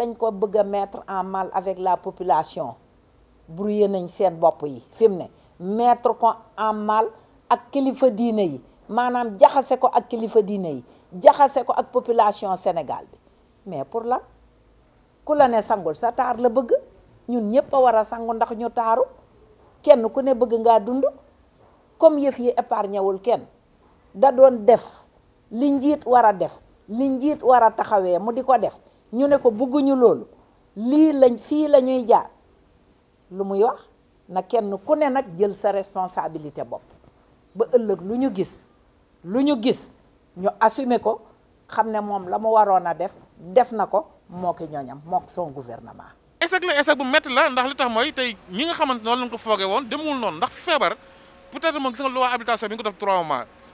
dañ ko bëgg a mettre en mal avec la population brouillé nañ seen bopp yi fi mu ne mettre ko en mal ak kilifa diine yi maanaam jaxase ko ak kilifa diine yi jaxase ko ak population Sénégal bi mais pour la ku la ne sangul sa taar la bëgg ñun ñëpp a war a sangu ndax ñu taaru kenn ku ne bëgg nga dund comme yëf yi épargne wul kenn da doon def li njiit war a def li njiit war a taxawee mu di ko def ñu ne ko bugguñu loolu lii lañ fii la ñuy jaar lu muy wax na kenn ku ne nag jël sa responsabilité bopp ba ëllëg lu ñu gis lu ñu gis ñu assumer ko xam ne moom la mu waroon a def def na ko moo ki ñooñam moo son gouvernement échec la échec bu métti la ndax li tax mooy tey ñi nga xamante noonu lañ ko foogee woon demul noonu ndax feebar peut-être moom gis nga loi habilitation bi nga def trois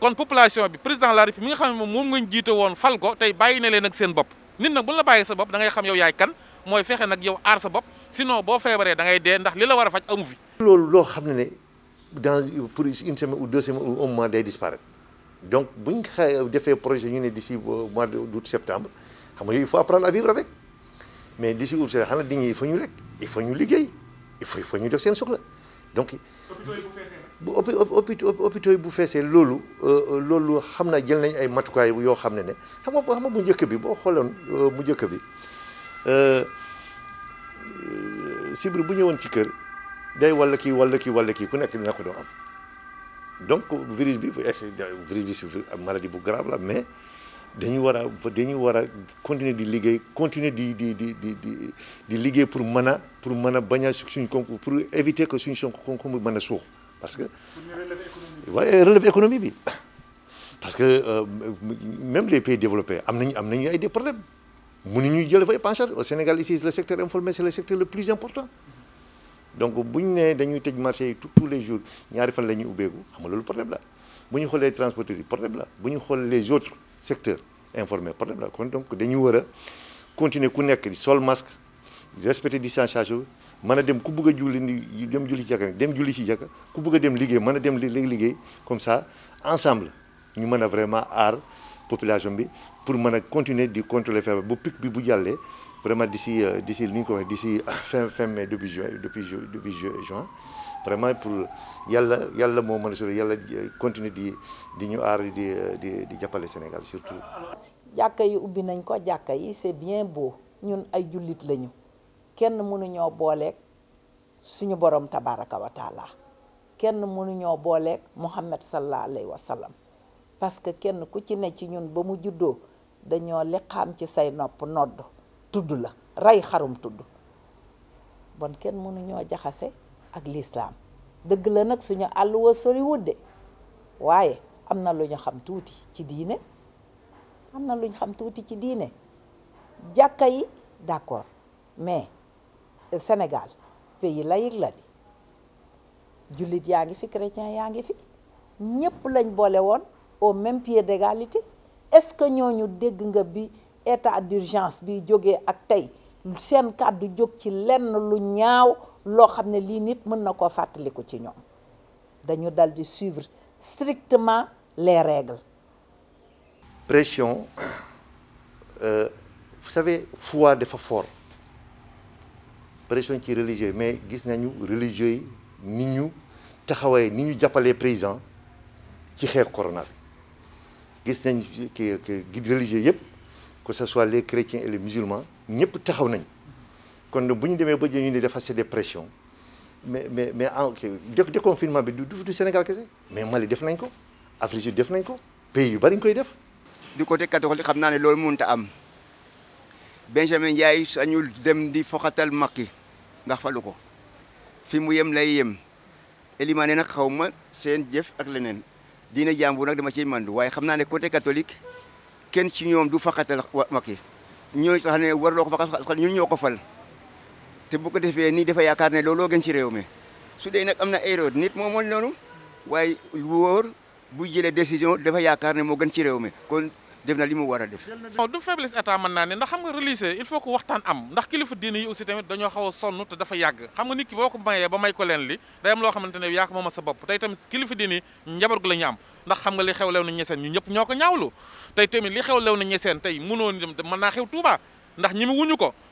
kon population bi président de la République mi nga xam ne moom moom nga ñu woon fal ko tey bàyyi na leen ak seen bopp nit nag bu la bàyyi sa bopp da ngay xam yow yaay kan mooy fexe nag yow aar sa bopp sinon boo feebaree dangay ngay dee ndax li la war a faj amu fi. loolu loo xam ne ne dans pour une semaine ou deux semaines ou un mois day disparaître donc bu ñu defee projet ñu ne d'ici euh, mois d'août septembre xam nga il faut apprendre à vivre avec mais di août septembre xanaa dañuy il faut ñu lekk il faut ñu liggéey il faut ñu def seen soxla donc. bu hôpitaux yi bu feesee loolu loolu xam naa jël nañ ay matukaay yoo xam ne ne xam nga xam nga bu njëkk bi boo xooloon bu njëkk bi sibir bu ñëwoon ci kër day walla kii walla kii walla kii ku nekk dina ko doon am donc virus bi virus bi maladie bu grave la mais dañu war a dañu war a continuer di liggéey continuer di di di di di di liggéey pour mën a pour mën a bañ a suñ kon pour éviter que suñu sonk kon mën a suux parce que waaye relève économie économique. parce que euh, même les pays développés am nañu ay des problèmes mënuñu jël fay penchage au Sénégal ici le secteur informel c'est le secteur le plus important donc bu ñu nee dañuy tëj marché tous les jours ñaari fan la ñuy ubbeeku xam nga loolu problème la bu ñu xoolee transporteurs yi problème là. bu ñu les autres secteurs informels problème là. kon donc dañu war continuer ku nekk di sol masque respecter distanciation mën dem ku bëgg a julli ni dem julli ci jàkka dem julli ci jaka ku bëgg a dem liggéey mën dem léegi liggéey comme ça ensemble ñu mën a vraiment aar population bi pour mën a continuer di contrôler faire bu pic bi bu jàllee vraiment d'ici euh, d'ici ni ñu ko wax d'ici euh, fin fin mai depuis juin depuis ju depuis juin vraiment pour yàlla yàlla moo mën a sori yàlla euh, continuer di di ñu aar di di di jàppale Sénégal surtout. jàkka yi ubbi nañ ko jàkka yi c'est bien beau ñun ay jullit lañu. kenn mënuñoo booleeg suñu borom tabaraka wa kenn mënuñoo booleeg Muhammad sallallahu alayhi wasalam sallam parce que kenn ku ci ne ci ñun ba mu juddoo dañoo liqaam ci say nopp nodd tudd la rey xarum tudd bon kenn mënuñoo jaxase ak lislaam dëgg la nag suñu àll wa wudde waaye am na lu ñu xam tuuti ci diine am na lu ñu xam tuuti ci diine jàkka yi d'accord mais Sénégal pays laïque la di jullit yaa fi chrétien yaa fi ñëpp lañ boole woon au même pied d'égalité est-ce que ñooñu dégg nga bi état d'urgence bi jógee ak tay sen kàddu jog ci lenn lu ñaaw lo xam li nit mën na koo fàttaliku ci ñom dañu daldi suivre strictement les règles. pression euh, vous savez foi de fort pression qui religieux mais gis nañu religieux yi ni ñu taxawee ni ñu jàppalee président ci xéx corona bi gis nañ que guide religieux yépp que ce soit les chrétiens et les musulmans ñepp taxaw nañ kon bu démé ba ñu ni dafa c'est des pressions mais mais mais de déconfinement bi du du Sénégal kese mais Mali def nañ ko Afrique def nañ ko pays yu bari ñu koy def. du côté catholique xamna né ne loolu am. Benjamin Ndiaye sañul dem di foxatal Macky ndax falu ko fi mu yem lay yem Elimane nag xaw ma seen jëf ak leneen diine jàmbur nag dama ciy mandu waaye xam naa ne côté catholique kenn ci ñoom du foxatal Macky ñooy tax ne warloo ko faxatal ñun ñoo ko fal te bu ko defee nii dafa yaakaar ne loo gën ci réew mi su dee nag am na ay nit moo mool noonu waaye wóor bu jëlee décision dafa yaakaar ne moo gën ci réew mi def na wara def. non du faiblesse état mën naa ne ndax xam nga relisé il faut que waxtaan am ndax kilifa diiné yi aussi tamit dañoo xaw a sonn te dafa yàgg xam nga nit ki boo ko ba may ko leen li day am loo xamante ne moma moom sa bopp tey tamit kilifa diiné njabar gu la ñu am ndax xam nga li xew lew na ñeseen ñu ñëpp ñoo ko ñaawlu tey tamit li xew lew na ñeseen tey mënon man mën naa xew Touba ndax ñi wuñu ko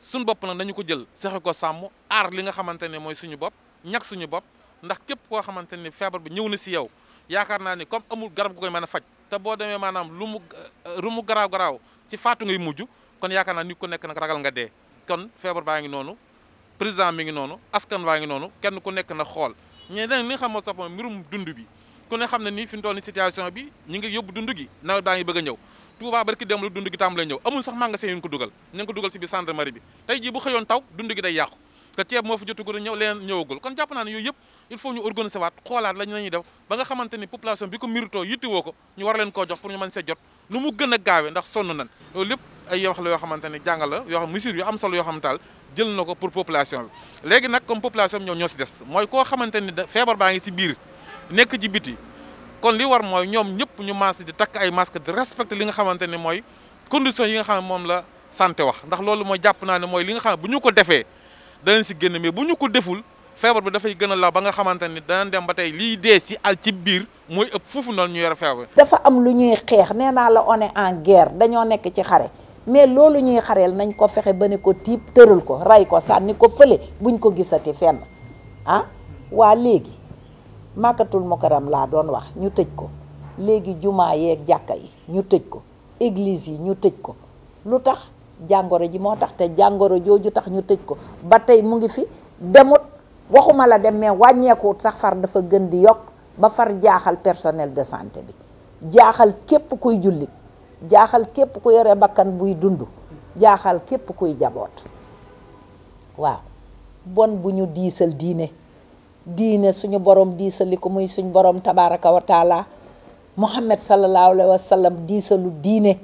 suñu bopp nag dañu ko jël sexe ko sàmm aar li nga xamante ne mooy suñu bopp ñag suñu bopp ndax képp koo xamante ne feebar bi ñëw na si yow yaakaar naa ni comme amul garab gu koy mën a faj te boo demee maanaam lu mu lu euh, mu garaaw garaaw ci faatu ngay mujj kon yaakaar naa ni ku nekk nag ragal nga dee kon feebar baa ngi noonu président mi ngi noonu askan waa ngi noonu kenn ku nekk na xool ñe dañ li nga xam moo sax mbirum dund bi ku ne xam ne nii fi mu toll ni situation bi ñu ngi yóbbu dund gi nawet baa bëgg ñëw Touba barki dem lu dund gi tàmbalee ñëw amul sax magasin yu ñu ko dugal ñu ko dugal si biir gendarmerie bi tey jii bu xëyoon taw dund gi day yàqu te ceeb moo fi jotugu ñëw leen ñëwagul jàpp naa ne yooyu yëpp il faut ñu organiser waat xoolaat lañ la ñuy def ba nga xamante ni population bi ko méritoo yittewoo ko a gaawee la yoo xamante ne jàngal yoo xam mesures yu am solo yoo xam taal jël na ko pour population bi léegi nag comme population bi ñoo ñoo si des mooy koo xamante ni feebar baa ngi si biir nekk ci biti kon lii war mooy ñoom ñëpp ñu maas di takk ay masque di respecter li nga xamante ne mooy conditions yi nga xam ne moom la santé wax ndax loolu mooy jàpp naa ne mooy li nga xam ne bu ñu ko defee danañ si génn mais bu ñu ko deful feebar bi dafay gën a law ba nga xamante ni danañ dem ba tey liy dee si al ci biir mooy ëpp foofu noonu ñu yore feebar. dafa am lu ñuy xeex nee naa la on en guerre dañoo nekk ci xare mais loolu ñuy xareel nañ ko fexe ba ne ko tiib tëral ko ray ko sànni ko fële buñ ko gisati fenn ah waa màkkatul mukaram laa doon wax ñu tëj ko léegi jumaa yeeg jàkka yi ñu tëj ko église yi ñu tëj ko lu tax jàngoro ji moo tax te jàngoro jooju tax ñu tëj ko ba tey mu ngi fi demut waxuma la dem mais wàññeekuwut sax far dafa gën di yokk ba far jaaxal personnel de santé bi jaaxal képp kuy julli jaaxal képp ku yore bakkan buy dund jaaxal képp kuy jaboot waaw bon bu ñu diisal diine diine suñu borom diisaliku muy suñu borom tabaraka wa taala muhammad sallallahu alayhi wa sallam diine